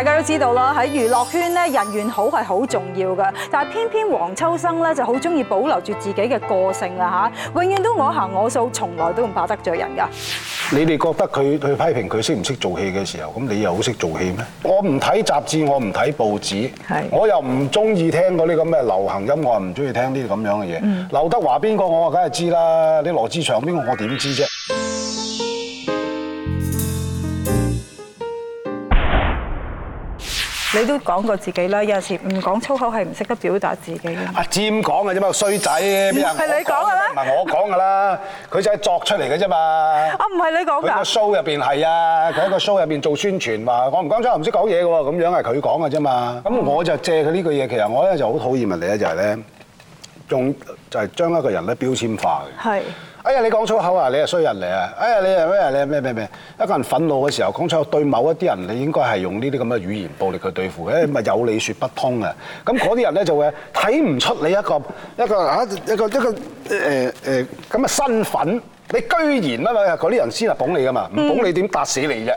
大家都知道啦，喺娛樂圈咧人緣好係好重要㗎，但係偏偏黃秋生咧就好中意保留住自己嘅個性啦嚇、啊，永遠都我行我素，從來都唔怕得罪人㗎。你哋覺得佢去批評佢識唔識做戲嘅時候，咁你又好識做戲咩？我唔睇雜誌，我唔睇報紙，係的我又唔中意聽嗰啲咁嘅流行音樂，唔中意聽啲咁樣嘅嘢。嗯、劉德華邊個我梗係知啦，你羅志祥邊個我點知啫？你都講過自己啦，有陣時唔講粗口係唔識得表達自己嘅。阿尖講嘅啫嘛，衰仔邊係你講嘅啦！唔係我講嘅啦，佢就係作出嚟嘅啫嘛。我唔係你講嘅。個 show 入邊係啊，佢喺個 show 入邊做宣傳，我我我話講唔講粗口唔識講嘢嘅喎，咁樣係佢講嘅啫嘛。咁、嗯、我就借佢呢句嘢，其實我咧就好討厭嘅嘢咧，就係咧用就係將一個人咧標籤化嘅。係。哎呀！你講粗口啊！你係衰人嚟啊！哎呀！你係咩？你係咩咩咩？一個人憤怒嘅時候講粗口，對某一啲人，你應該係用呢啲咁嘅語言暴力去對付嘅，咪、嗯、有理說不通啊！咁嗰啲人咧就會睇唔出你一個一個一個一個咁嘅、呃呃、身份，你居然乜嗰啲人先係捧你噶嘛？唔捧你點打、嗯、死你啫？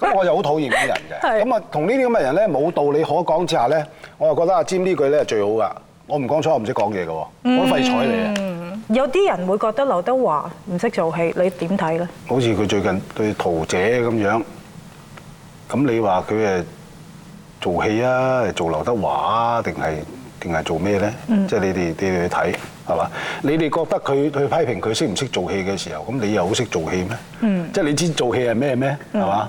係咪咁，我就好討厭啲人嘅咁啊，同呢啲咁嘅人咧冇道理可講之下咧，我又覺得阿 j 呢句咧係最好噶，我唔講粗口唔識講嘢嘅喎，我廢材你啊！嗯你有啲人會覺得劉德華唔識做戲，你點睇咧？好似佢最近對陶姐咁樣，咁你話佢係做戲啊，做劉德華啊，定係定係做咩咧？即係你哋去睇係嘛？你哋覺得佢去批評佢識唔識做戲嘅時候，咁你又好識做戲咩？即係你知做戲係咩咩係嘛？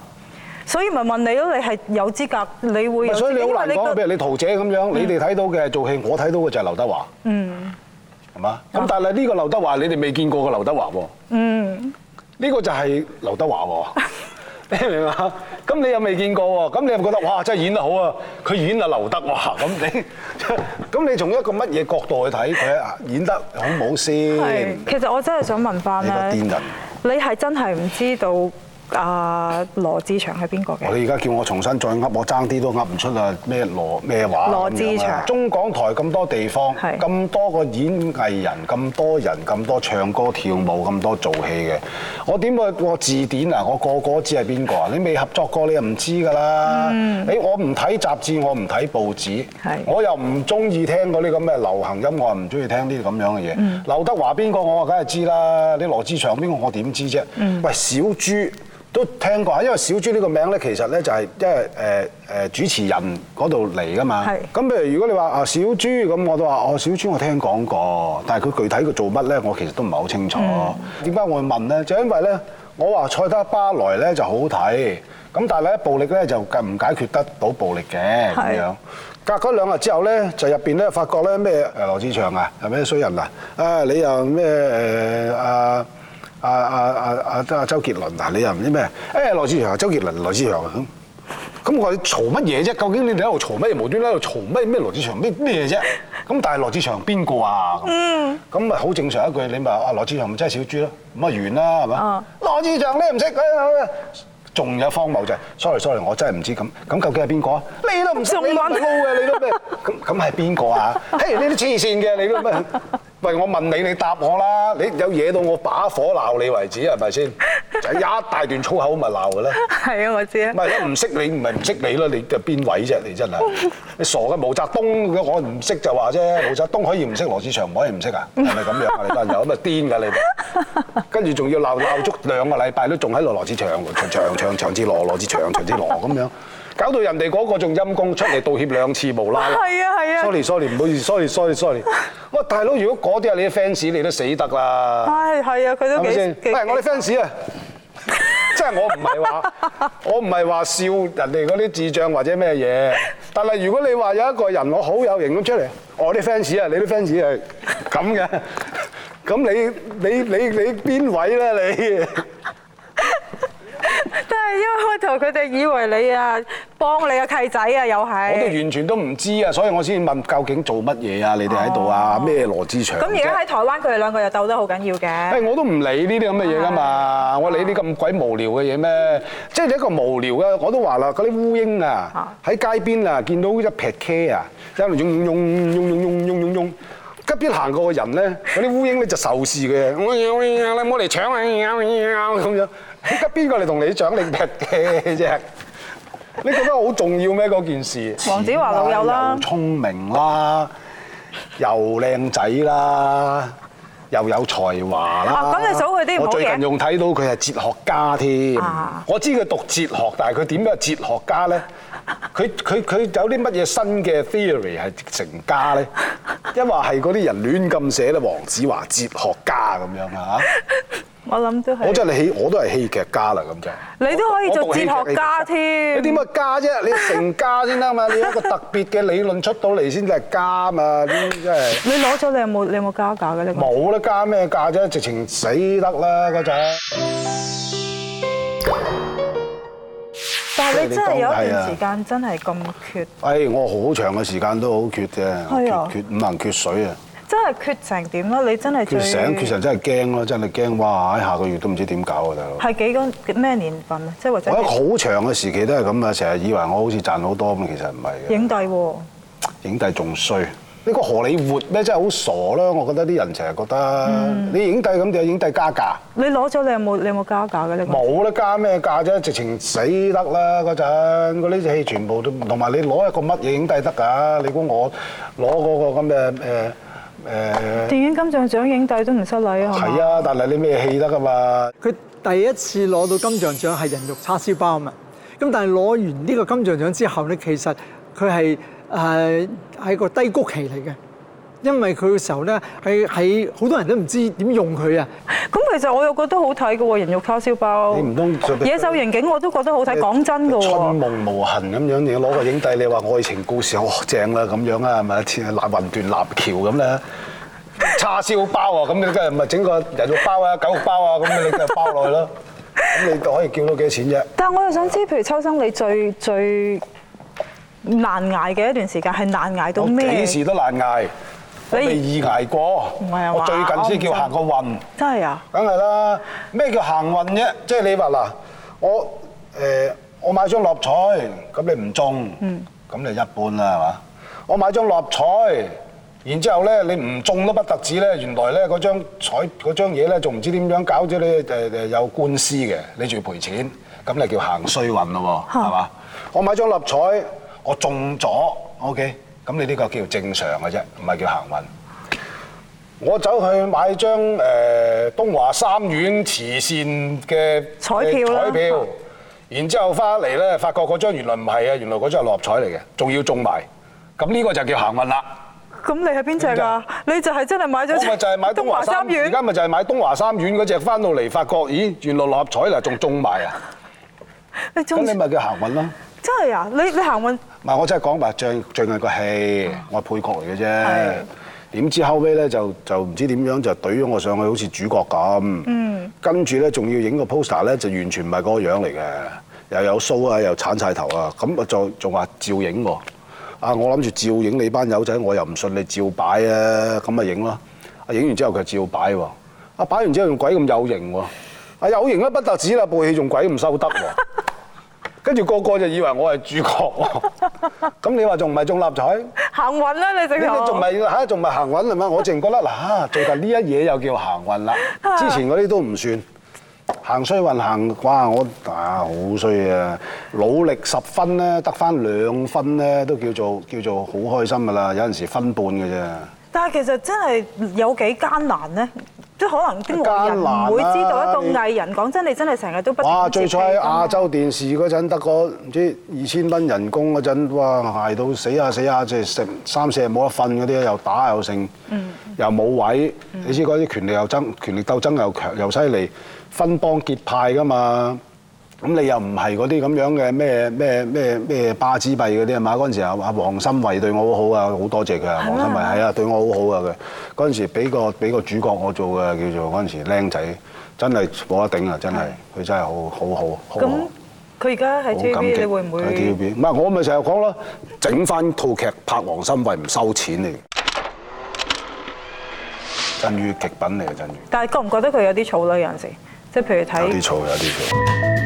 所以咪問你咯，你係有資格，你會。所以你好難講，譬如你陶姐咁樣，你哋睇到嘅係做戲，我睇到嘅就係劉德華。嗯。咁但係呢個劉德華，你哋未見過個劉德華喎。嗯，呢個就係劉德華喎，你明嗎？咁你又未見過喎，咁你又覺得哇，真係演得好啊！佢演阿劉德華咁你，咁你從一個乜嘢角度去睇佢啊？演得好唔好先？其實我真係想問翻癲人，你係真係唔知道？啊，羅志祥係邊個嘅？我而家叫我重新再噏，我爭啲都噏唔出啦。咩羅咩話？羅志祥這中港台咁多地方，咁是多個演藝人，咁多人，咁多唱歌跳舞，咁、嗯、多做戲嘅，我點個字典啊？我個個都知係邊個啊？你未合作過你不，你又唔知㗎啦。誒、欸，我唔睇雜誌，我唔睇報紙，是我又唔中意聽嗰啲咁嘅流行音樂，唔中意聽啲咁樣嘅嘢。嗯、劉德華邊個我梗係知啦，你羅志祥邊個我點知啫？嗯、喂，小豬。都聽過，因為小豬呢個名咧，其實咧就係因為誒誒主持人嗰度嚟噶嘛。係是。咁譬如如果你話啊小豬咁，我都話哦，小豬我聽講過，但係佢具體佢做乜咧，我其實都唔係好清楚。點解、嗯、我會問咧？就因為咧，我話賽德巴來咧就好好睇，咁但係咧暴力咧就解唔解決得到暴力嘅咁是樣。隔嗰兩日之後咧，就入邊咧發覺咧咩誒羅志祥啊，係咩衰人啊？啊你又咩誒啊？啊啊啊啊！周杰倫啊，你又唔知咩？誒、哎、羅志祥周杰倫羅志祥咁，咁我嘈乜嘢啫？究竟你哋喺度嘈咩？無端喺度嘈咩？咩羅志祥咩乜嘢啫？咁但係羅志祥邊個啊？咁咪好正常一句，你咪啊羅志祥咪真係小豬咯，咁咪完啦，係嘛？嗯、羅志祥你唔識啊？仲有荒謬就係，sorry sorry，我真係唔知咁咁究竟係邊個啊？你都唔識，你套你都咁咁係邊個啊？嘿，呢啲黐線嘅你都咩？喂，我問你，你答我啦！你有嘢到我把火鬧你為止，係咪先？就一大段粗口咪鬧嘅咧。係啊，我知啊。唔係，唔識你唔係唔識你咯？你就邊位啫？你真係你傻嘅？毛澤東嘅我唔識就話啫。毛澤東可以唔識，羅志祥唔可以唔識啊？係咪咁樣啊？你得唔得？咁啊癲嘅你，跟住仲要鬧鬧足兩個禮拜都仲喺度羅志祥，長長長長之羅，羅志祥長之羅咁樣。搞到人哋嗰個仲陰公出嚟道歉兩次無啦啦，sorry sorry，唔好意思，sorry sorry sorry，我大佬，如果嗰啲係你啲 fans，你都死得啦。係係啊，佢都係咪先？唔係我啲 fans 啊，即係我唔係話我唔係話笑人哋嗰啲智障或者咩嘢，但係如果你話有一個人我好有型咁出嚟，我啲 fans 啊，你啲 fans 啊，咁嘅，咁你你你你邊位咧你？因為開頭佢哋以為你啊幫你個契仔啊，又係。我都完全都唔知啊，所以我先問究竟做乜嘢啊？你哋喺度啊？咩羅志祥？咁而家喺台灣，佢哋兩個又鬥得好緊要嘅。誒，我都唔理呢啲咁嘅嘢噶嘛，我理啲咁鬼無聊嘅嘢咩？即係一個無聊啊！我都話啦，嗰啲烏蠅啊，喺街邊啊，見到一劈車啊，一路擁擁擁擁擁擁擁擁。側邊行過嘅人咧，嗰啲烏蠅咧就仇視嘅，你唔好嚟搶啊咁樣。邊個嚟同你搶你劈嘅啫？你覺得好重要咩？嗰件事？黃子華老友啦，又聰明啦，又靚仔啦，又有才華啦。咁、啊、你數佢啲唔好嘢。我最近仲睇到佢係哲學家添，啊、我知佢讀哲學，但係佢點解係哲學家咧？佢佢佢有啲乜嘢新嘅 theory 係成家咧？因為係嗰啲人亂咁寫咧，黃子華哲學家咁樣啊，我諗都係，我真係戲我都係戲劇家啦咁就。你都可以做哲學家添。有啲乜家啫？你成家先得嘛？你有一個特別嘅理論出到嚟先至係家嘛？啲真係。你攞咗你有冇你有冇加價嘅？冇得加咩價啫？直情死得啦個仔。但係你真係有一段時間真係咁缺，誒我好長嘅時間都好缺嘅，缺缺唔能缺水啊！真係缺成點咧？你真係最缺成缺成真係驚咯！真係驚哇！下個月都唔知點搞啊，大佬！係幾個咩年份啊？即係或者好長嘅時期都係咁啊！成日以為我好似賺好多咁，其實唔係嘅。影帝喎、啊，影帝仲衰。呢個荷里活咧真係好傻啦！我覺得啲人成日覺得你影帝咁就影帝加價？你攞咗你有冇你有冇加價嘅？你冇啦，加咩價啫？直情死得啦嗰陣，呢隻戲全部都同埋你攞一個乜嘢影帝得㗎？你估我攞嗰個咁嘅誒誒？電影金像獎影帝都唔失禮啊！係啊，但係你咩戲得㗎嘛？佢第一次攞到金像獎係《人肉叉燒包》啊！咁但係攞完呢個金像獎之後咧，其實佢係。誒係個低谷期嚟嘅，因為佢嘅時候咧，喺喺好多人都唔知點用佢啊。咁其實我又覺得好睇嘅喎，人肉叉燒包。你唔通野獸刑警我都覺得好睇，講你真嘅喎。春夢無痕咁樣，你要攞個影帝，你話愛情故事好正啦咁樣啊，係咪啊？纜雲段立橋咁啦，叉燒包啊，咁 你梗係咪整個人肉包啊、狗肉包啊，咁你梗係包落去咯。咁 你就可以叫到幾多錢啫？但係我又想知道，譬如秋生，你最最，難捱嘅一段時間係難捱到咩？我幾時都難捱，以我未易捱過。我，我最近先叫行個運，真係啊，梗係啦。咩叫行運啫？即係你話嗱，我誒、呃、我買張六合彩，咁你唔中，咁、嗯、你一般啦，係嘛？我買張六合彩，然之後咧你唔中都不特止咧，原來咧嗰張彩嗰張嘢咧仲唔知點樣搞咗你誒誒有官司嘅，你仲要賠錢，咁你叫行衰運咯，係嘛？嗯、我買張六合彩。我中咗，OK，咁你呢個叫正常嘅啫，唔係叫行運。我走去買張誒東華三院慈善嘅彩票彩票。然之後翻嚟咧，發覺嗰張原來唔係啊，原來嗰張係六合彩嚟嘅，仲要中埋，咁呢個就叫行運啦。咁你係邊隻啊？你就係真係買咗？我咪就係買東華三院，而家咪就係買東華三院嗰隻，翻到嚟發覺，咦，原來六合彩啦，仲中埋啊！中你咪叫行運啦。真係啊！你你行運？唔係我真係講白，最最近個戲，我係配角嚟嘅啫。點是的 知後尾咧就就唔知點樣就懟咗我上去，好似主角咁。嗯。跟住咧，仲要影個 poster 咧，就完全唔係嗰樣嚟嘅。又有鬚啊，又鏟晒頭啊，咁啊，仲仲話照影喎。啊，我諗住照影你班友仔，我又唔信你照擺啊。咁咪影咯。啊，影完之後佢照擺喎。啊，擺完之後用鬼咁有型喎。啊，有型啦，不得止啦，部戲仲鬼唔收得喎。 跟住個個就以為我係主角喎，咁 你話仲唔係中六合彩？行運啦，你成日。你仲唔係仲唔係行運 啊？嘛，我淨覺得嗱做到呢一嘢又叫行運啦。 之前嗰啲都唔算，行衰運行哇，我啊好衰啊！努力十分咧，得翻兩分咧，都叫做叫做好開心噶啦。有陣時分半㗎啫。但係其實真係有幾艱難咧。即可能啲人唔會知道一個藝人，講、啊、真，你真係成日都不斷接戲。哇！最初喺亞洲電視嗰陣得個唔知二千蚊人工嗰陣，哇，捱到死下、啊、死下、啊，即係成三四日冇得瞓嗰啲，又打又剩，嗯、又冇位。你知嗰啲權力又爭，嗯、權力鬥爭又強又犀利，分幫結派㗎嘛。咁你又唔係嗰啲咁樣嘅咩咩咩咩巴之幣嗰啲啊嘛？嗰陣時阿黃心惠對我好好啊，好多謝佢啊，黃心惠係啊，嗎對我好好啊佢嗰陣時俾個俾個主角我做嘅，叫做嗰陣時靚仔，真係冇得頂啊！真係，佢真係好好好。咁佢而家喺 TVB，會唔會喺 TVB？唔係我咪成日講咯，整翻套劇拍黃心惠唔收錢嚟。真魚極品嚟嘅真魚。但係覺唔覺得佢有啲草咧？有陣時，即係譬如睇。有啲草，有啲草。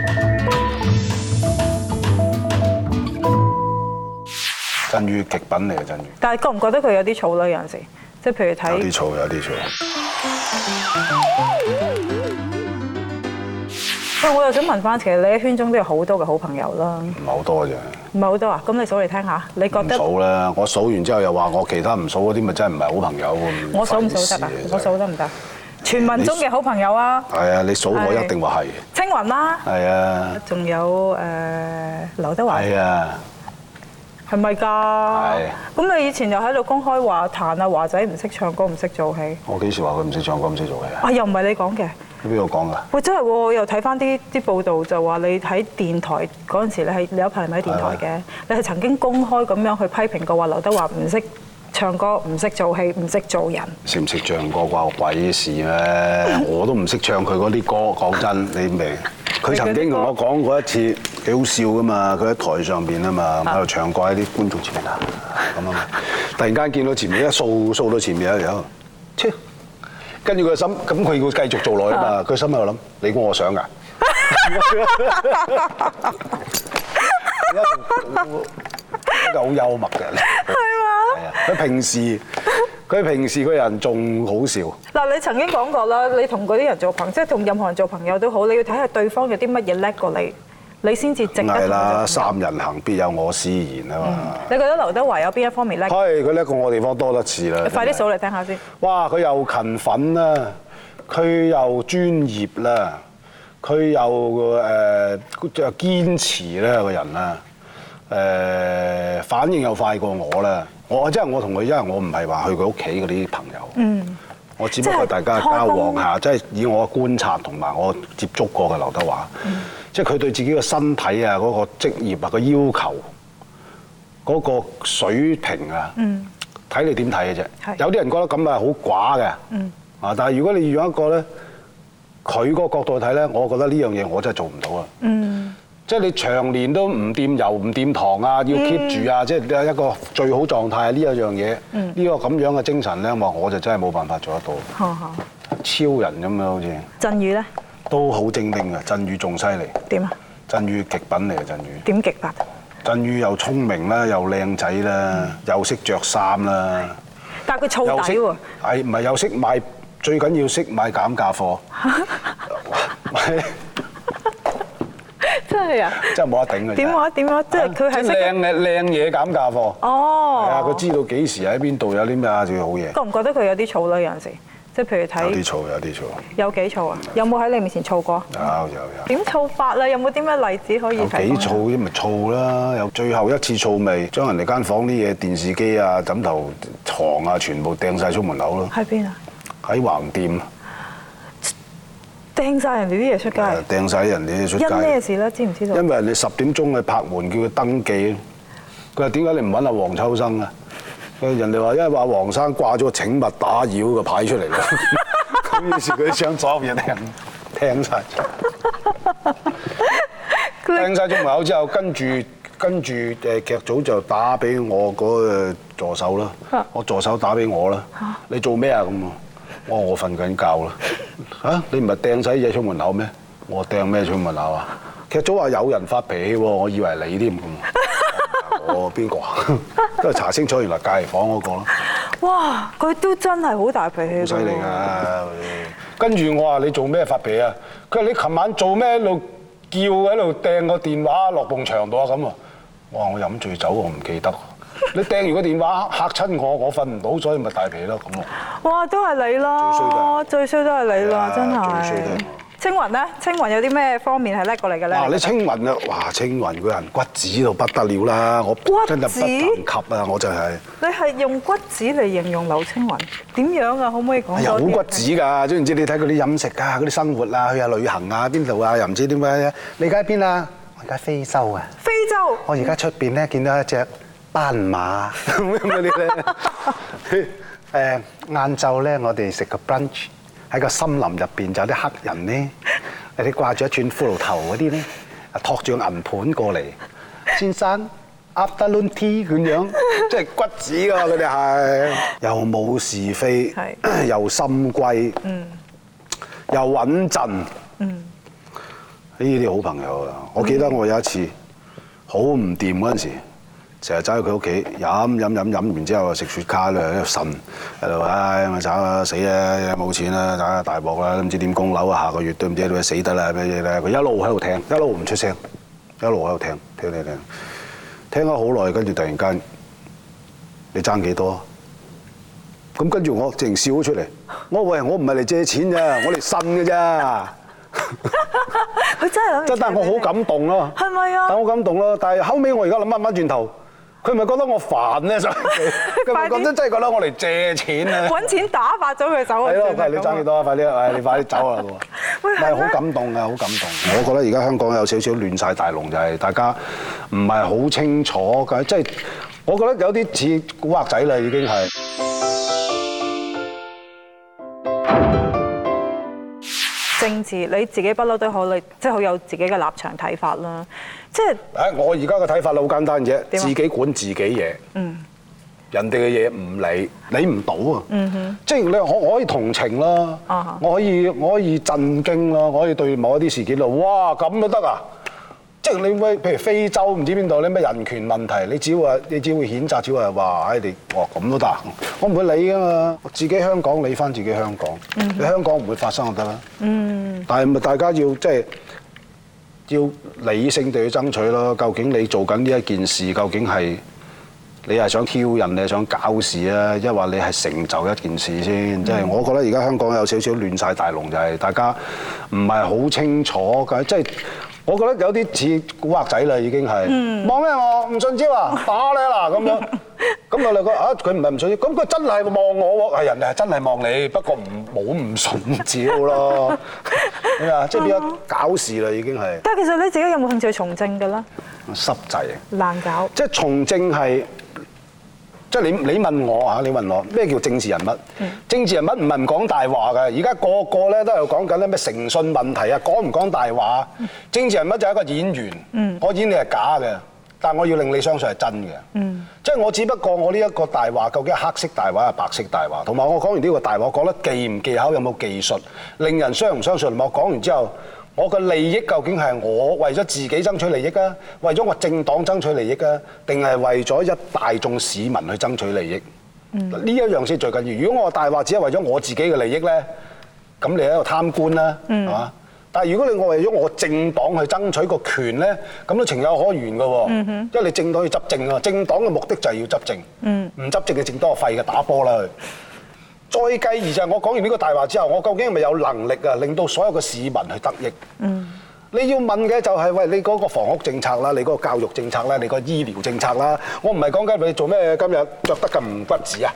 真魚極品嚟嘅真魚，真魚，但係覺唔覺得佢有啲草咧？有陣時，即係譬如睇有啲草，有啲草。喂，我又想問返，其實你喺圈中都有好多嘅好朋友啦，唔係好多啫，唔係好多啊？咁你數嚟聽下，你覺得？數啦！我數完之後又話我其他唔數嗰啲咪真係唔係好朋友咁。我數唔數得啊？我數得唔得？傳聞中嘅好朋友啊你！係啊！你數我一定話係雲是的。青雲啦！係啊！仲有誒劉德華。係啊！係咪㗎？係。咁你以前又喺度公開話彈啊華仔唔識唱歌，唔識做戲。我幾時話佢唔識唱歌，唔識做戲啊？啊，又唔係你講嘅。你邊度講㗎？喂，真係喎，又睇翻啲啲報道就話你喺電台嗰陣時，你，你係你有一排係喺電台嘅，是的 你係曾經公開咁樣去批評過話劉德華唔識。唱歌唔識做戲，唔識做人。識唔識唱歌關我鬼事咩？我都唔識唱佢嗰啲歌。講真，你明？佢曾經同我講過一次，幾好笑噶嘛？佢喺台上邊啊嘛，喺度唱歌喺啲觀眾前面啊，咁啊！突然間見到前面一掃掃到前面有一樣，切！跟住佢個心，咁佢會繼續做落去啊嘛？佢心喺度諗：你估我想噶。你真係好幽默嘅。係啊，佢 平時佢平時個人仲好笑。嗱，你曾經講過啦，你同嗰啲人做朋友，即係同任何人做朋友都好，你要睇下對方有啲乜嘢叻過你，你先至值得。係啦、嗯，三人行必有我師焉啊嘛。你覺得劉德華有邊一方面叻？係，佢叻過我地方多得滯啦。你快啲數嚟聽下先。哇，佢又勤奮啦，佢又專業啦，佢又誒著堅持啦個人啊。反應又快過我咧，我即係我同佢，因為我唔係話去佢屋企嗰啲朋友，嗯、我只不過大家交能往下，即係以我觀察同埋我接觸過嘅劉德華，嗯、即係佢對自己個身體啊、嗰、嗰個職業啊、嗰個要求嗰、嗰個水平啊，睇、嗯、你點睇嘅啫？是有啲人覺得咁啊好寡嘅，啊、嗯、但係如果你用一個咧，佢個角度睇咧，我覺得呢樣嘢我真係做唔到啊、嗯。即係你長年都唔掂油唔掂糖啊，要 keep 住啊，嗯、即係一個最好的狀態呢一樣嘢，呢個咁樣嘅精神咧，我我就真係冇辦法做得到。好好，超人咁咯，好似。振宇咧？都好精靈嘅，振宇仲犀利。點啊樣？振宇極品嚟嘅，振宇。點極法？振宇又聰明啦，又靚仔啦，又識着衫啦。但係佢燥底喎。係唔係又識買？最緊要識買減價貨。 真係啊！真係冇得頂嘅，點冇得點樣？即係佢係靚嘅靚嘢減價貨哦。哦，係啊，佢知道幾時喺邊度有啲咩啊，仲要好嘢。覺唔覺得佢有啲燥咧？有陣時，即係譬如睇有啲燥，有啲燥。有幾燥啊？有冇喺你面前燥過？有有有。點燥法咧？有冇啲咩例子可以睇？幾燥啲咪燥啦？有最後一次燥未，將人哋間房啲嘢、電視機啊、枕頭、床啊，全部掟晒出門口咯。喺邊啊？喺橫店。掟晒人哋啲嘢出街，掟晒人哋啲嘢出街。咩事咧？知唔知道？因為你十點鐘去拍門，叫佢登記。佢話點解你唔揾阿黃秋生啊？佢話人哋話因為話黃生掛咗個請勿打擾嘅牌出嚟啦。於是佢想所有嘢聽聽晒。掟晒咗門口之後，跟住跟住誒劇組就打俾我嗰個助手啦。我助手打俾我啦。你做咩啊？咁我我瞓緊覺啦。嚇！你唔係掟曬嘢出門口咩？我掟咩出門口啊？劇組話有人發脾氣喎，我以為你添咁。我邊個？都係查清楚，原來隔離房嗰個咯。哇！佢都真係好大脾氣。好犀利啊。跟住我話你做咩發脾氣啊？佢話你琴晚做咩喺度叫喺度掟個電話落埲牆度啊！咁啊！我話我飲醉酒，我唔記得。你掟完個電話嚇親我，我瞓唔到，所以咪大脾咯咁咯。哇，都係你啦，最衰都係你啦，真係。青雲咧，青雲有啲咩方面係叻過你嘅咧？你青雲啊，哇，青雲個人骨子到不得了啦，我真係。骨子？不及啊，我就係。你係用骨子嚟形容劉青雲？點樣啊？可唔可以講多啲？有骨子㗎，總言之，你睇佢啲飲食啊，嗰啲生活啊，去下旅行啊，邊度啊，又唔知點解你而家喺邊啊？我而家喺非洲啊。非洲。我而家出面咧，見到一隻。斑馬，咩嗰啲咧？誒，晏晝咧，我哋食個 brunch 喺個森林入邊，就有啲黑人咧，有啲掛住一串骷髏頭嗰啲咧，啊，托住個銀盤過嚟，先生，u 阿德魯蒂咁樣，即係骨子㗎，佢哋係又冇是非，係又心機，嗯，又穩陣，嗯，呢啲好朋友啊！我記得我有一次好唔掂嗰陣時。成日揸喺佢屋企飲、飲、飲，飲完之後啊，食雪茄咧，喺度呻，喺度唉，咁啊，走啊，死啊，冇錢啦，打大鑊啦，都唔知點供樓啊，下個月都唔知點死得啦，咩嘢咧。佢一路喺度聽，一路唔出聲，一路喺度聽，聽聽聽聽咗好耐，跟住突然間，你爭幾多？咁，跟住我淨笑咗出嚟，我話喂，我唔係嚟借錢㗎，我嚟呻㗎啫。佢真係真，但係我好感動咯，係咪啊？但係我好感動咯，但係後尾我而家諗翻返轉頭。佢咪覺得我煩咧？佢講 真真係覺得我嚟借錢啊！揾 錢打發咗佢走對你爭幾多啊？ 快啲啊！你快啲走啊！唔係好 是是感動啊！好感動！我覺得而家香港有少少亂晒大龍，就係大家唔係好清楚嘅。即係我覺得有啲似古惑仔啦，已經係。政治你自己不嬲都可，你即係好有自己嘅立場睇法啦，即係。誒，我而家嘅睇法好簡單啫，樣自己管自己嘢。嗯。人哋嘅嘢唔理，理唔到啊。嗯哼。即係你，我可以同情啦。我可以我可以震驚啦，我可以對某一啲事件咯。哇咁都得啊！這樣就可以即係你會，譬如非洲唔知邊度你咩人權問題，你只會你只會譴責，只會話，唉，你哇咁都得？我唔會理㗎嘛，自己香港理返自己香港。你香港唔、mm hmm. 會發生就得啦。嗯、mm。Hmm. 但係咪大家要即係、就是、要理性地去爭取咯？究竟你做緊呢一件事，究竟係你係想挑釁，你係想搞事啊？抑或你係成就一件事先。即係、mm hmm. 我覺得而家香港有少少亂晒大龍，就係、是、大家唔係好清楚嘅，即、就、係、是。我覺得有啲似古惑仔啦，已經係望咩我唔信招啊，打你啦咁樣。咁我兩個啊，佢唔係唔信招，咁佢真係望我喎，係人哋係真係望你，不過唔好唔信招咯。點啊？ 即係變咗搞事啦，已經係。但係其實你自己有冇興趣從政嘅啦？濕滯制難搞。即係從政係。即係你你問我你問我咩叫政治人物？政治人物唔係唔講大話嘅，而家個個咧都有講緊咩誠信問題啊，講唔講大話？嗯、政治人物就係一個演員，我演你係假嘅，但係我要令你相信係真嘅。嗯、即係我只不過我呢一個大話，究竟係黑色大話係白色大話？同埋我講完呢個大話，講得技唔技巧，有冇技術，令人相唔相信？我講完之後。我嘅利益究竟係我為咗自己爭取利益啊，為咗我政黨爭取利益啊，定係為咗一大眾市民去爭取利益？呢、嗯、一樣先最緊要的。如果我大話只係為咗我自己嘅利益呢，咁你喺度貪官啦，係嘛、嗯？但係如果你我為咗我政黨去爭取個權呢，咁都情有可原嘅喎。嗯、哼因為你政黨要執政啊，政黨嘅目的就係要執政，唔執、嗯、政嘅政黨係廢嘅打波啦。再繼而就係我講完呢個大話之後，我究竟係咪有能力啊，令到所有嘅市民去得益？嗯，你要問嘅就係喂你嗰個房屋政策啦，你嗰個教育政策啦，你個醫療政策啦，我唔係講緊你做咩今日著得咁唔骨子啊？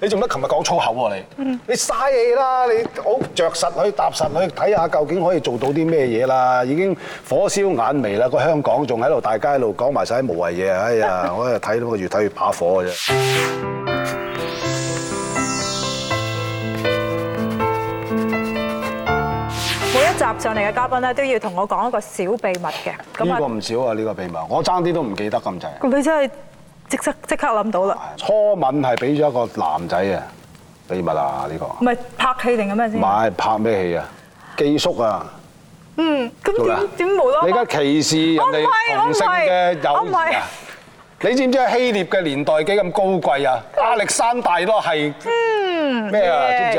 你做乜琴日講粗口啊你？嗯，你嘥氣啦，你好著實去踏實去睇下究竟可以做到啲咩嘢啦。已經火燒眼眉啦，個香港仲喺度大街喺度講埋曬無謂嘢啊！哎呀，我係睇到越睇越把火嘅啫。集上嚟嘅嘉賓咧都要同我講一個小秘密嘅。呢個唔少啊，呢個秘密，我爭啲都唔記得咁滯。咁你真係即刻即刻諗到啦！初吻係俾咗一個男仔啊，秘密啊呢個。唔係拍戲定係咩先？唔係拍咩戲啊？寄宿啊。嗯，咁點點冇咯？你而家歧視人哋同性嘅友誼啊？你知唔知希臘嘅年代幾咁高貴啊？亞 歷山大咯，係、嗯。咩啊？點解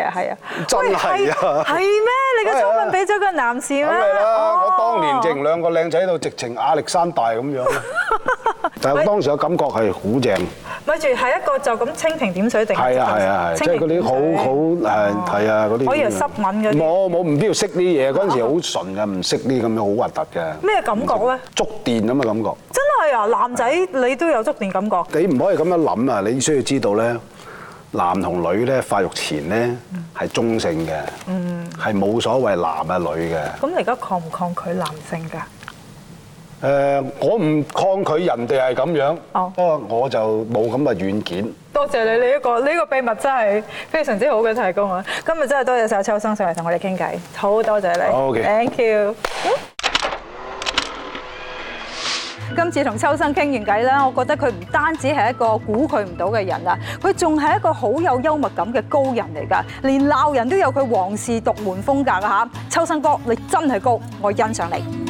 啊？係啊！真係啊！係咩？你嘅初吻俾咗個男士咩？梗係啦！我當年剩兩個靚仔喺度，直情亞歷山大咁樣，但係當時嘅感覺係好正。咪住係一個就咁蜻蜓點水定係？係啊係啊係，即係嗰啲好好係係啊嗰啲。可以濕吻嘅。冇冇唔必要識呢嘢，嗰陣時好純嘅，唔識呢咁樣好核突嘅。咩感覺咧？觸電咁嘅感覺。真係啊！男仔你都有觸電感覺。你唔可以咁樣諗啊！你需要知道咧。男同女咧，發育前咧係中性嘅，係冇、嗯、所謂男啊女嘅。咁你而家抗唔抗拒男性㗎？誒、呃，我唔抗拒人哋係咁樣，不過、哦、我就冇咁嘅軟件。多謝你呢一、呢個呢、呢個秘密真係非常之好嘅提供啊！今日真係多謝晒秋生上嚟同我哋傾偈，好多謝你。OK, thank you。今次同秋生傾完偈呢，我覺得佢唔單止係一個估佢唔到嘅人啦，佢仲係一個好有幽默感嘅高人嚟噶，連鬧人都有佢皇氏獨門風格噶吓，秋生哥你真係高，我欣賞你。